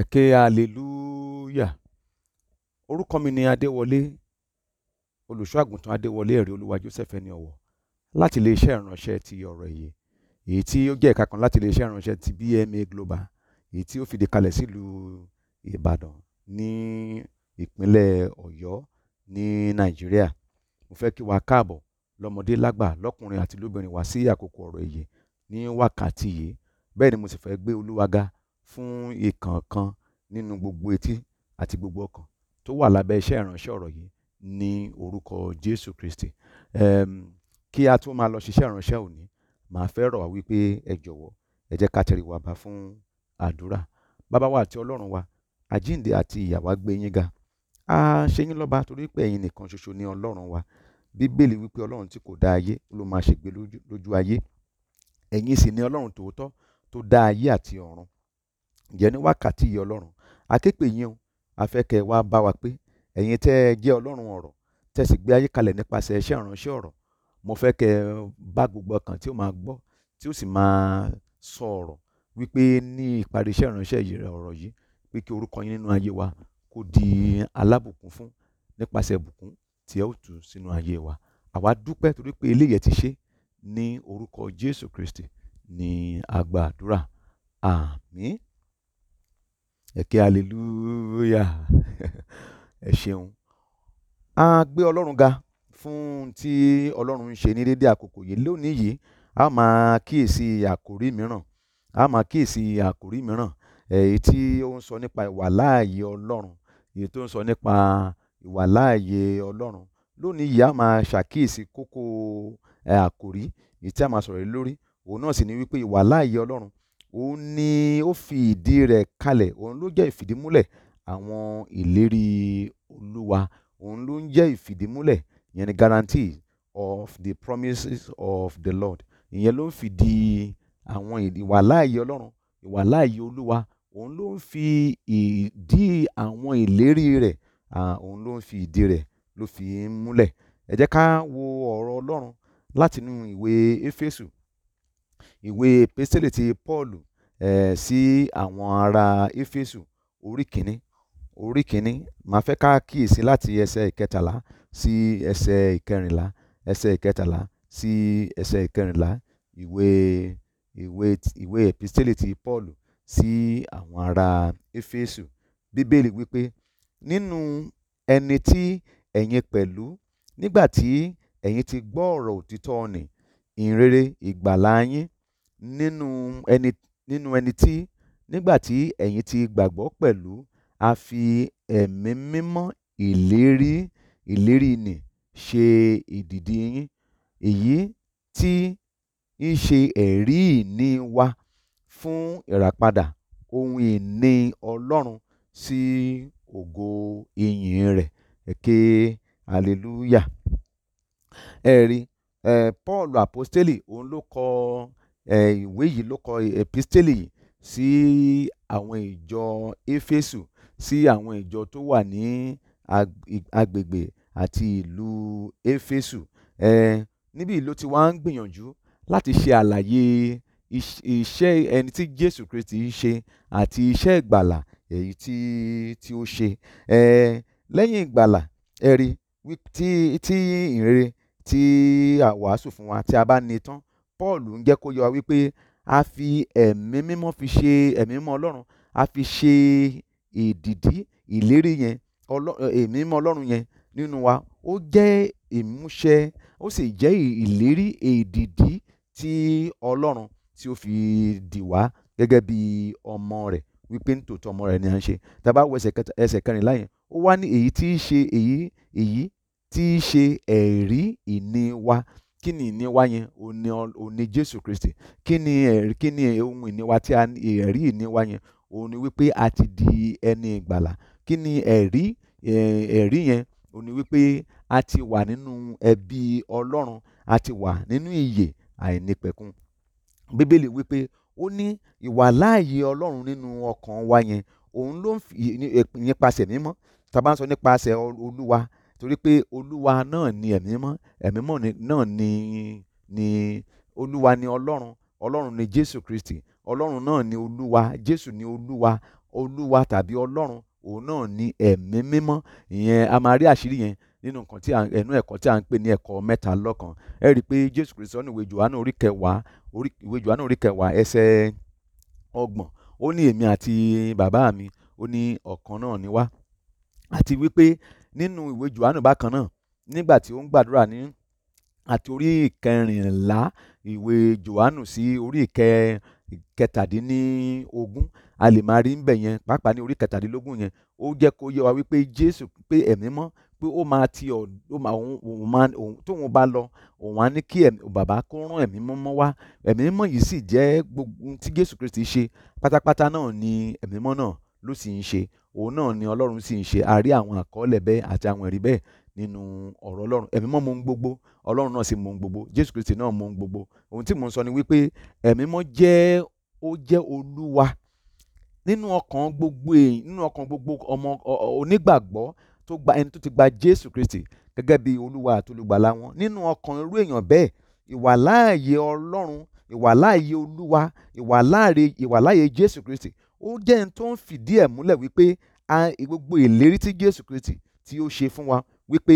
ẹ ké hallelujah orúkọ mi ni adéwọlé olùṣọ́ àgùntàn adéwọlé ẹ̀rí olúwa joseph ẹni ọ̀wọ̀ láti iléeṣẹ́ ìránṣẹ́ ti ọ̀rọ̀ èyí èyí tí ó jẹ́ ẹ̀ka kan láti iléeṣẹ́ ìránṣẹ́ ti bma global èyí tí ó fìdí kalẹ̀ sílùú ìbàdàn ní ìpínlẹ̀ ọ̀yọ́ ní nàìjíríà mo fẹ́ kí wa káàbọ̀ lọ́mọdé lágbà lọ́kùnrin àti lóbìnrin wá sí àkókò ọ̀rọ̀ èyí ní wákàtí yìí bẹ́ẹ̀ ni mo sì fẹ́ gbé olúwa ga fún ìkọ̀ọ̀kan nínú gbogbo etí àti gbogbo ọkàn tó wà lábẹ́ iṣẹ́ ìránṣẹ́ ọ̀rọ̀ yìí ní orúkọ Jésù Kristi um, kí a tó máa lọ ṣiṣẹ́ ìránṣẹ́ òní màá fẹ́ rọ̀ wípé ẹ jọ̀wọ́ ẹ jẹ́ ká tẹrí wa bá fún àdúrà bàbá wa àti ọlọ́run wa àjíǹde àti ìyà wa gbé yín ga a ṣe yín lọ́ba torí pé ẹ̀yin nìkan ṣoṣo ni ọlọ́run wa bíbélì wípé ọlọ́run tí kò dá ayé ló máa ṣègbé lójú ayé ẹ̀yin sì ni ọlọ́run tòótọ́ tó dá ayé àti ọ̀run ǹjẹ́ ní wákàtí yìí ọlọ́run akéèpè yín o afẹ́kẹ́ wa bá wa pé ẹ̀yin tẹ́ ẹ jẹ́ ọlọ́run ọ̀rọ̀ tẹ́ sì gbé ayé kalẹ̀ nípasẹ̀ iṣẹ́ ìránṣẹ́ ọ̀rọ̀ mo fẹ́ kẹ́ ẹ bá gbogbo ọkàn tí ó máa gbọ́ tí ó sì máa sọ ọ̀rọ̀ wípé ní ìparí iṣẹ́ ìránṣẹ́ yìí ọ̀rọ̀ yìí pé kí orúkọ yín nínú ayé wa kó di alábùkún fún nípasẹ̀ bùkún tí ẹ ó tù sínú ayé wa àwa dúpẹ́ torí pé eléyẹ̀ ti ṣe ní orúkọ Jésù Kristi ní agbàdúrà àmín. Ah, ẹ ké hallelujah ẹ ṣeun a gbé ọlọ́run ga fún tí ọlọ́run ń ṣe ní dédé àkókò yìí lónìí yìí a máa kíyèsí àkòrí mìíràn a máa kíyèsí àkòrí mìíràn èyí tí ó ń sọ nípa ìwàláàyè ọlọ́run èyí tó ń sọ nípa ìwàláàyè ọlọ́run lónìí yìí a máa ṣàkíyèsí kókó òun ni ó fi ìdí rẹ̀ kalẹ̀ òun ló jẹ́ ìfìdímúlẹ̀ àwọn ìlérí olúwa òun ló ń jẹ́ ìfìdímúlẹ̀ ìyẹn ni guarantee of the promises of the lord ìyẹn ló ń fìdí àwọn ìwàláàyè ọlọ́run ìwàláàyè olúwa òun ló ń fi ìdí àwọn ìlérí rẹ̀ òun ló ń fi ìdí rẹ̀ ló fi ń múlẹ̀ ẹ jẹ́ ká wo ọ̀rọ̀ ọlọ́run látinú ìwé éfésù ìwé epistele ti paul um eh, sí àwọn ará éfésù orí kìíní orí kìíní màá fẹ́ ká kíyèsí láti ẹsẹ̀ ìkẹtàlá sí ẹsẹ̀ ìkẹrìnlá ẹsẹ̀ ìkẹtàlá sí ẹsẹ̀ ìkẹrìnlá ìwé ìwé ìwé epistele ti paul sí àwọn ará éfésù bíbélì wípé nínú ẹni tí ẹ̀yin pẹ̀lú nígbà tí ẹ̀yin ti gbọ́ ọ̀rọ̀ òtítọ́ nì ìhìnrere ìgbàlà nínú ẹni nínú ẹni tí nígbà tí ẹ̀yin ti gbàgbọ́ pẹ̀lú a fi ẹ̀mí mímọ́ ìlérí ìlérí ni ṣe ìdìdì yín èyí tí í ṣe ẹ̀rí ìní wa fún ìràpadà ohun ìní ọlọ́run sí ògo ìyìn rẹ̀ ẹ̀kẹ́ hallelujah ẹ̀rí Paul apostoli òun ló kọ ìwé yìí ló kọ epistele yìí sí àwọn ìjọ éfésù sí àwọn ìjọ tó wà ní agbègbè àti ìlú éfésù níbí ló ti wá ń gbìyànjú láti ṣe àlàyé iṣẹ́ ẹni tí jésù kristi ṣe àti iṣẹ́ ìgbàlà èyí tí tí ó ṣe lẹ́yìn ìgbàlà ẹ̀rí tí ìrere tí a wàásù fún wa tí a bá ní tán Paul ń jẹ́ kó yọ wípé a fi ẹ̀mí mímọ́ fi ṣe ẹ̀mí mímọ́ Ọlọ́run a fi ṣe èdìdí ìlérí yẹn ẹ̀mí mímọ́ Ọlọ́run yẹn nínú wa ó jẹ́ ìmúṣẹ ó sì jẹ́ ìlérí èdìdí tí Ọlọ́run tí ó fi dì wá gẹ́gẹ́ bí ọmọ rẹ̀ wípé nítòótọ́ ọmọ rẹ̀ ni à ń ṣe tá a bá wo ẹsẹ̀ kẹrìnlá yẹn ó wá ní èyí tí ṣe èyí èyí tí ṣe ẹ̀rí ìní wa kí ni ìní wa yẹn òní òní Jésù Kristi kí ni ẹ̀rí kí ni ohun ìní wa tí ẹ̀rí ìní wa yẹn òun wípé a ti di ẹni ìgbàlà kí ni ẹ̀rí ẹ̀rí yẹn òun ni wípé a ti wà nínú ẹbí Ọlọ́run a ti wà nínú ìyè àìnípẹ̀kun Bíbélì wípé ó ní ìwàláàyè Ọlọ́run nínú ọkàn wa yẹn òun ló ń fi nípasẹ̀ mímọ́ tá ń sọ nípasẹ̀ Olúwa torí pé olúwa náà ni ẹ̀mí mímọ́ ẹ̀mí mímọ́ náà ni ni olúwa ni ọlọ́run ọlọ́run ni jésù kristi ọlọ́run náà ni olúwa jésù ni olúwa olúwa tàbí ọlọ́run òun náà ni ẹ̀mí mímọ́ ìyẹn a máa rí àṣírí yẹn nínú nǹkan tí ẹnu ẹ̀kọ́ tí a ń pè ní ẹ̀kọ́ mẹ́ta lọ́kan ẹ rí i pé jésù kristi ọ̀nà ìwé johannu orí kẹwàá ìwé johannu orí kẹwàá ẹsẹ̀ ọgbọ̀n ó ní èmi àti bàbá mi ó ní ọ̀kan náà ni wá àti wípé nínú ìwé johannu bákan náà nígbà tí ó ń gbàdúrà ní àti orí ìkẹrìnlá ìwé johannu sí orí ìkẹ kẹtàdínlógún a lè máa rí níbẹ̀ yẹn pàápàá ní orí kẹtàdínlógún yẹn ó jẹ́ kó yé wa wípé jésù pé ẹ̀mí mọ́ pé ó máa ti ọ̀dọ́ òun máa òun tóun bá lọ òun á ní kí bàbá kó rán ẹ̀mí mọ́ wá ẹ̀mí mọ́ yìí sì jẹ́ gbogbo tí jésù kristi ṣe pátápátá náà ni ẹ̀mí mọ́ náà ló sì ń ṣe òun náà ni ọlọ́run sì ń ṣe a rí àwọn àkọọ́lẹ̀ bẹ́ẹ̀ àti àwọn ẹ̀rí bẹ́ẹ̀ nínú ọ̀rọ̀ ọlọ́run ẹ̀mí mọ́ mo ń gbogbo ọlọ́run náà sì mo ń gbogbo jésù kristi náà mo ń gbogbo ohun tí mo ń sọ ni wípé ẹ̀mí mọ́ jẹ́ ó jẹ́ olúwa nínú ọkàn gbogbo èyí nínú ọkàn gbogbo ọmọ onígbàgbọ́ tó gba ẹni tó ti gba jésù kristi gẹ́gẹ́ bí olúwa àti olùgbàlà wọn nínú ọkàn irú èèyàn bẹ́ẹ̀ ìwàláàyè ọlọ́run ìwàláàyè olúwa ìwàláàyè jésù kristi ó jẹ́ ẹni tó ń fìdí ẹ̀ múlẹ̀ wípé gbogbo ìlérí tí Jésù Kristi tí ó ṣe fún wa wípé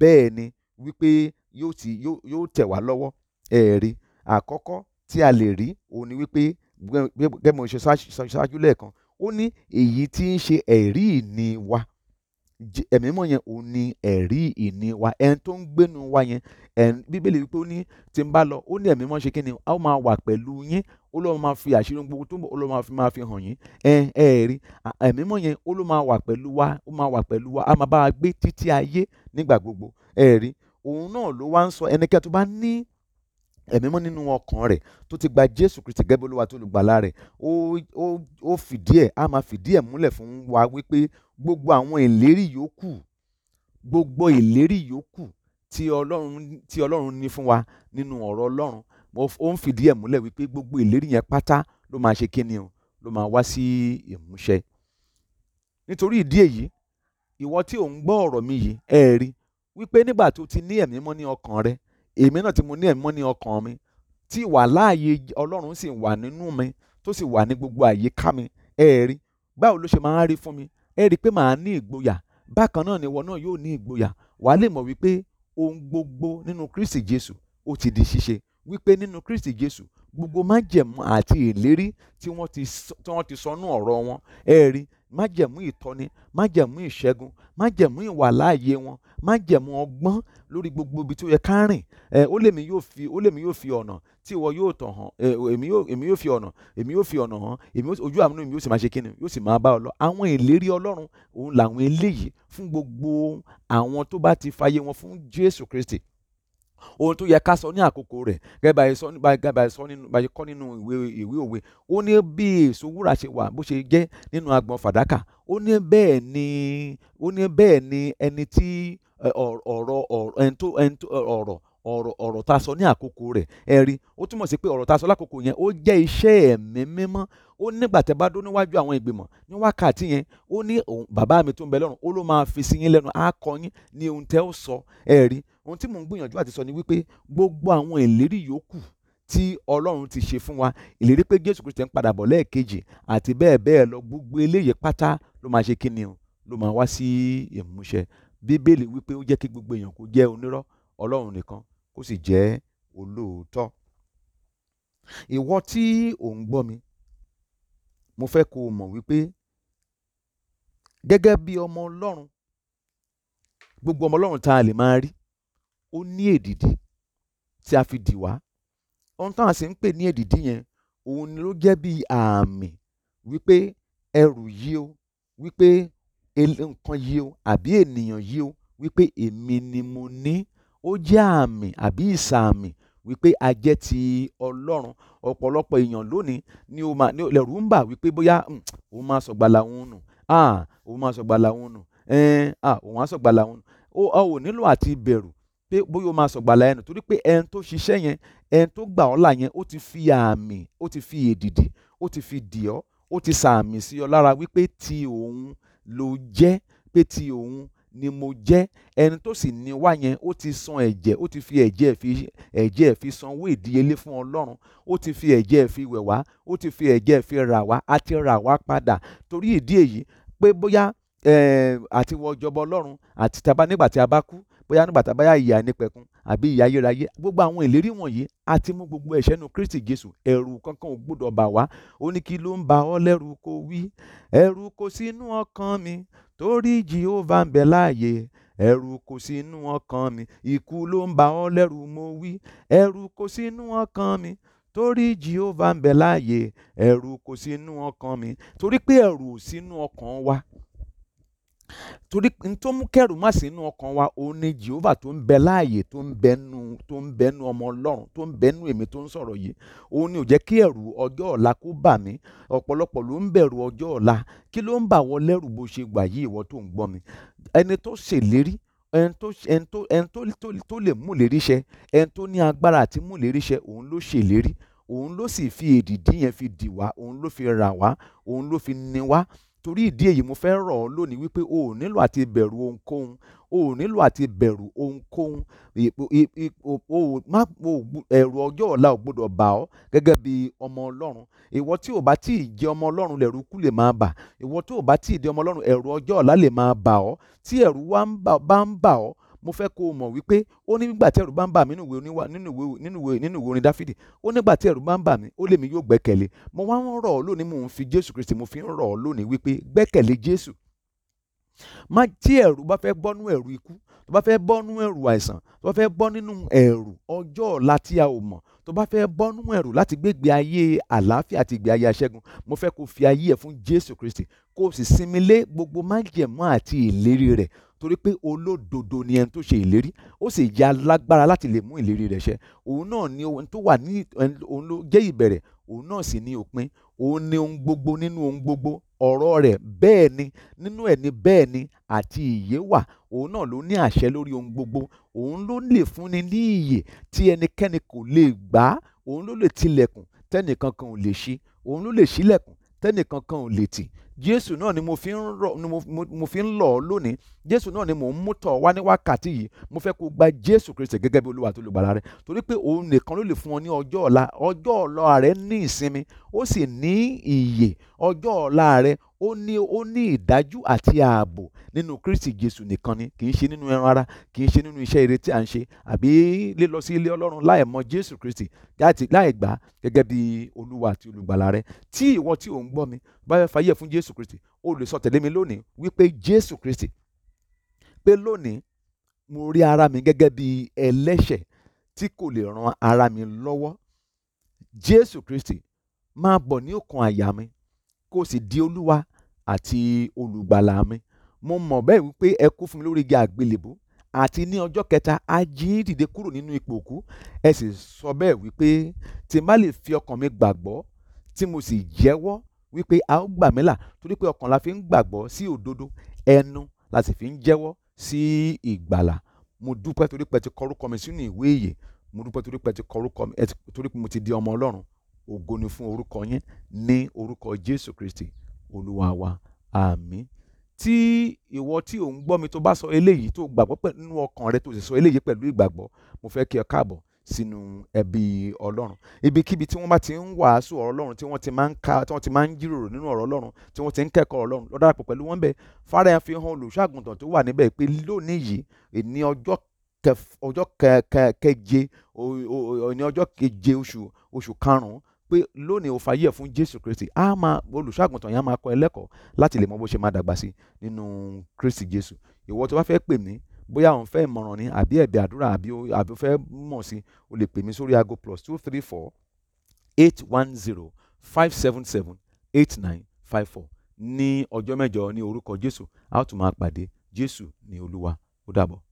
bẹ́ẹ̀ ni wípé yóò ti yóò tẹ̀ wá lọ́wọ́ ẹ̀rí àkọ́kọ́ tí a lè rí òun ni wípé gẹ́gẹ́ mo ṣe ṣáájú lẹ́ẹ̀kan ó ní èyí tí ń ṣe ẹ̀rí ìní wa ẹ̀mí mímọ́ yẹn òun ni ẹ̀rí ìní wa ẹni tó ń gbénu wa yẹn bíbélì wípé ó ní tí n bá lọ ó ní ẹ̀mí mímọ́ ṣe kí ni a ó máa wà pẹ̀lú yín ó lọ́ọ́ máa fi àṣírí gbogbo tó ń bọ̀ ó lọ́ọ́ máa fi hàn yín ẹ ẹ ẹ̀mí mímọ́ yẹn ó ló máa wà pẹ̀lú wa ó máa wà pẹ̀lú wa a máa bá wa gbé títí ayé nígbà gbogbo ẹ rí òun náà ló wá ń sọ ẹnikẹ́ni tó bá ní ẹ̀mí mọ́ nínú ọkàn rẹ̀ tó ti gba jésù kristi gẹ́gẹ́ bí olúwa tó lùgbàlà rẹ̀ ó ó fìdí ẹ̀ á máa fìdí ẹ̀ múlẹ̀ fún wa wípé gbogbo àwọn ìlérí yòókù gbogbo ìlérí yòókù tí ọlọ́run tí ọlọ́run ní fún wa nínú ọ̀rọ̀ ọlọ́run ó ń fìdí ẹ̀ múlẹ̀ wípé gbogbo ìlérí yẹn pátá ló máa ṣe kíni o ló máa wá sí ìmúṣẹ nítorí ìdí èyí ìwọ tí ò gbọ́ ọ̀rọ̀ mi yìí ẹ̀ẹ́rí wípé nígbà tó ti ní ẹ̀mí mọ́ ní ọkàn rẹ̀ èmi náà tí mo ní ẹ̀mọ́ ní ọkàn mi tí ìwà láàyè ọlọ́run sì wà nínú mi tó sì wà ní gbogbo àyíká mi ẹ rí báwo ló ṣe máa ń rí fún mi ẹ rí pé màá ní ìgboyà bákan náà ni ìwọ náà yóò ní ìgboyà wàá lè mọ̀ wípé ohun gbogbo nínú Kristi Jésù ó ti di ṣíṣe wípé nínú Kristi Jésù gbogbo májẹ̀mú àti ìlérí tí wọ́n ti wọ́n ti sọnú ọ̀rọ̀ wọn ẹ rí májẹ̀mú ìtọ́ni májẹ̀mú ìṣẹ́gun májẹ̀mú ìwàláàyè wọn májẹ̀mú ọgbọ́n lórí gbogbo ibi tó yẹ ká rìn ó lèmi yóò fi ó lèmi yóò fi ọ̀nà tí ìwọ yóò tàn hàn èmi yóò èmi yóò fi ọ̀nà èmi yóò fi ọ̀nà hàn èmi ojú àánú mi yóò sì máa ṣe kíni yóò sì máa bá ọ lọ àwọn ìlérí ọlọ́run òun làwọn eléyìí fún gbogbo àwọn tó bá ti fàyè wọn fún Jésù Kristi ohun tó yẹ ká sọ ní àkókò rẹ̀ gẹ́gẹ́ bá kọ́ nínú ìwé òwe ó ní bí èso wúrà ṣe wà bó ṣe jẹ́ nínú agbọ̀n fàdákà ó ní bẹ́ẹ̀ ni ó ní bẹ́ẹ̀ ni ẹni tí ọ̀rọ̀ ọ̀rọ̀ ọ̀rọ̀ ọ̀rọ̀ tá a sọ ní àkókò rẹ̀ ẹ rí ó túmọ̀ sí pé ọ̀rọ̀ tá a sọ lákòókò yẹn ó jẹ́ iṣẹ́ ẹ̀mí mímọ́ ó nígbà tẹ́ bá dó níwájú àwọn ìgbìmọ̀ ní wákàtí yẹn ó ní bàbá mi tó ń bẹ lọ́run ó ló máa fi sí yín lẹ́nu á kọ́ yín ní ohun tẹ́ ó sọ ẹ ohun tí mò ń gbìyànjú àti sọ ni wípé gbogbo àwọn ìlérí yòókù tí ọlọ́run ti ṣe fún wa ìlérí pé jésù kristi ń padà bọ̀ lẹ́ẹ̀kejì àti bẹ́ẹ̀ bẹ́ẹ̀ lọ gbogbo eléyìí pátá ló máa ṣe kíni o ló máa wá sí ìmúṣẹ bíbélì wípé ó jẹ́ kí gbogbo èèyàn kó jẹ́ onírọ́ ọlọ́run nìkan kó sì jẹ́ olóòótọ́ ìwọ tí ò ń gbọ́ mi mo fẹ́ kó o mọ̀ wípé gẹ́gẹ́ bí ọmọ ọlọ́run gbogbo ọmọ ọlọ́run tá a lè máa rí ó ní èdìdì tí a fi dì wá ohun táwọn sì ń pè ní èdìdì yẹn òun ni ló jẹ́ bí àmì wípé ẹrù yìí o wípé nǹkan yìí o àbí ènìyàn yìí o wípé èmi ni mo ní ó jẹ́ àmì àbí ìsàmì wípé a jẹ́ ti ọlọ́run ọ̀pọ̀lọpọ̀ èèyàn lónìí ni ó máa lẹ̀rù ń bà wípé bóyá hmm, òun máa sọ̀gbà làwọn nù òun máa sọ̀gbà làwọn nù òun á sọ̀gbà làwọn nù ó ò nílò àti bẹ̀rù pé bóyá o máa sọ̀gbà láyé nù torí pé ẹni tó ṣiṣẹ́ yẹn ẹni tó gbà ọ́ là yẹn ó ti fi àmì ó ti fi èdìdì ó ti fi dì ọ́ ó ti sàmì sí ọ lára wípé ti òun ló jẹ́ pé ti òun ni mo jẹ́ ẹni tó sì ní wá yẹn ó ti san ẹ̀jẹ̀ ó ti fi ẹ̀jẹ̀ fi ẹ̀jẹ̀ fi sanwó ìdíyelé fún ọlọ́run ó ti fi ẹ̀jẹ̀ fi wẹ̀ ó ti fi ẹ̀jẹ̀ fi rà wá á ti rà wá padà torí ìdí èyí pé bóyá àti wọ ọlọ́run àti taba nígbà tí a bá kú bóyá nígbà tá báyà ìyà ní pẹ̀kun àbí ìyà ayérayé gbogbo àwọn ìlérí wọ̀nyí a ti mú gbogbo ẹ̀ṣẹ̀ nu Kristi Jésù ẹ̀rù kankan ò gbọ́dọ̀ bà wá ó ní kí ló ń ba ọ́ lẹ́rù kó wí ẹ̀rù kò sínú ọkàn mi torí Jèhófà ń bẹ láàyè ẹ̀rù kò sínú ọkàn mi ikú ló ń ba ọ́ lẹ́rù mo wí ẹ̀rù kò sínú ọkàn mi torí Jèhófà ń bẹ láàyè ẹ̀rù kò sínú ọkàn mi torí pé ẹ̀rù ò sínú ọkàn wa torí n tó mú kẹrù má sí inú ọkàn wa òun ni Jehovah tó ń bẹ láàyè tó ń bẹnu tó ń bẹnu ọmọ Ọlọ́run tó ń bẹnu èmi tó ń sọ̀rọ̀ yìí òun ni ò jẹ́ kí ẹ̀rù ọjọ́ ọ̀la kó bà mí ọ̀pọ̀lọpọ̀ ló ń bẹ̀rù ọjọ́ ọ̀la kí ló ń bà wọ́n lẹ́rù bó ṣe gbà yí ìwọ tó ń gbọ́ mi ẹni tó ṣèlérí ẹni tó ẹni tó ẹni tó lè mú lérí ṣẹ ẹni tó ní agbára àti mú lérí ṣẹ òun ló ṣèlérí òun ló sì fi èdìdí yẹn fi dì wá òun ló fi rà wá òun ló fi ni wá torí ìdí èyí mo fẹ́ rọ̀ ọ́ lónìí wípé o ò nílò àti bẹ̀rù ohunkóhun o ò nílò àti bẹ̀rù ohunkóhun ẹ̀rù ọjọ́ ọ̀la ò gbọ́dọ̀ bà ọ́ gẹ́gẹ́ bí ọmọ ọlọ́run ìwọ tí ò bá tí ì jẹ́ ọmọ ọlọ́run lẹ̀rù kú lè máa bà ìwọ tí ò bá tí ì jẹ́ ọmọ ọlọ́run ẹ̀rù ọjọ́ ọ̀la lè máa bà ọ́ tí ẹ̀rù wa bá ń bà ọ́ mo fẹ́ kó o mọ̀ wípé ó ní nígbà tí ẹ̀rù bá ń bà mí nínú ìwé oníwà nínú ìwé nínú ìwé nínú ìwé orin dáfídì ó nígbà tí ẹ̀rù bá ń bà mí ó lè mi yóò gbẹ́kẹ̀lé mo wá ń rọ̀ ọ́ lónìí mò ń fi jésù kristi mo fi ń rọ̀ ọ́ lónìí wípé gbẹ́kẹ̀lé jésù má tí ẹ̀rù bá fẹ́ bọ́nú ẹ̀rù ikú tó bá fẹ́ bọ́nú ẹ̀rù àìsàn tó bá fẹ́ bọ́ nínú ẹ̀rù ọjọ́ ọ̀la tí a ò mọ̀ tó bá fẹ́ bọ́nú ẹ̀rù láti gbégbé ayé àlàáfíà àti ìgbé ayé aṣẹ́gun mo fẹ́ kó fi ayé ẹ̀ fún Jésù Kristi kó o sì sinmi lé gbogbo májẹ̀mú àti ìlérí rẹ̀ torí pé olódodo ni ẹni tó ṣe ìlérí ó sì yá lágbára láti lè mú ìlérí rẹ̀ ṣẹ òun náà ni ohun tó wà ní òun ló jẹ́ ìbẹ̀rẹ̀ òun náà sì ni òpin òun ni ohun gbogbo nínú ohun gbogbo ọ̀rọ̀ rẹ̀ bẹ́ẹ̀ ni nínú ẹ̀ ni bẹ́ẹ̀ ni àti ìyè wà òun náà ló ní àṣẹ lórí ohun gbogbo òun ló lè fúnni ní ìyè tí ẹnikẹ́ni kò lè gbà á òun ló lè tilẹ̀kùn tẹ́nìkankan ò lè ṣí òun ló lè ṣílẹ̀kùn tẹ́nìkankan ò lè tì jésù náà ni mo fi ń rọ ni mo fi ń lọ lónìí jésù náà ni mo ń mú tọ̀ wá ní wákàtí yìí mo fẹ́ kó gba jésù kristi gẹ́gẹ́ bí olúwa tó lùgbàlà rẹ torí pé òun nìkan ló lè fún ọ ní ọjọ́ ọ̀la ọjọ́ ọ̀la rẹ ní ìsinmi ó sì ní ìyè ọjọ́ ọ̀la rẹ ó ní ó ní ìdájú àti ààbò nínú Kristi Jésù nìkan ni kì í ṣe nínú ẹran ara kì í ṣe nínú iṣẹ́ ire tí à ń ṣe àbí lílọ sí ilé Ọlọ́run láì mọ Jésù Kristi láti láì gbà gẹ́gẹ́ bí Olúwa àti olùgbàlà rẹ tí ìwọ tí ò ń gbọ́ mi bá fẹ́ fàyè fún Jésù Kristi o lè sọ tẹ̀lé mi lónìí wípé Jésù Kristi pé lónìí mo rí ara mi gẹ́gẹ́ bí ẹlẹ́ṣẹ̀ tí kò lè ran ara mi lọ́wọ́ Jésù Kristi máa bọ̀ ní ọkàn àyà mi kó o sì di olúwa àti olùgbàlà mi mo mọ̀ bẹ́ẹ̀ wípé ẹ kú fún mi lórí igi àgbélébó àti ní ọjọ́ kẹta a jí dìde kúrò nínú ipò òkú ẹ sì sọ bẹ́ẹ̀ wípé tí n bá lè fi ọkàn mi gbàgbọ́ tí mo sì jẹ́wọ́ wípé a ó gbà mí là torí pé ọkàn la fi ń gbàgbọ́ sí òdodo ẹnu la sì fi ń jẹ́wọ́ sí ìgbàlà mo dúpẹ́ torí pé ti kọ orúkọ mi sínú ìwé ìyè mo dúpẹ́ torí pé ti kọ orúkọ mi torí pé mo ti di ọmọ ọlọ́run ògo ni fún orúkọ yín ní orúkọ Jésù Kristi olúwa wa àmín tí ìwọ tí ò ń gbọ́ mi tó bá sọ eléyìí tó gbàgbọ́ nínú ọkàn rẹ tó sì sọ eléyìí pẹ̀lú ìgbàgbọ́ mo fẹ́ kí ẹ káàbọ̀ sínú ẹbí ọlọ́run ibikíbi tí wọ́n bá ti ń wàásù ọ̀rọ̀ ọlọ́run tí wọ́n ti máa ń ka tí wọ́n ti máa ń jíròrò nínú ọ̀rọ̀ ọlọ́run tí wọ́n ti ń kẹ́kọ̀ọ́ ọlọ́run lọ darapọ̀ pẹ̀lú wọn bẹ́ẹ̀ fara fi hàn olùṣàgùntàn tó wà níbẹ̀ pé lónìí yìí ní ọjọ́ keje ní ọjọ́ keje oṣù oṣù karùn-ún pé lónìí o fàyè fún Jésù Kristi a máa olùṣọ́àgùntàn yẹn a máa kọ́ ẹ lẹ́kọ̀ọ́ láti lè mọ bó ṣe máa dàgbà sí nínú Kristi Jésù ìwọ tó bá fẹ́ pè mí bóyá òun fẹ́ ìmọ̀ràn ni àbí ẹ̀bẹ̀ àdúrà àbí àbí fẹ́ mọ̀ sí o lè pè mí sórí aago plus two three four eight one zero five seven seven eight nine five four ní ọjọ́ mẹ́jọ ní orúkọ Jésù a ó tún máa pàdé Jésù ní Olúwa ó dàbọ̀.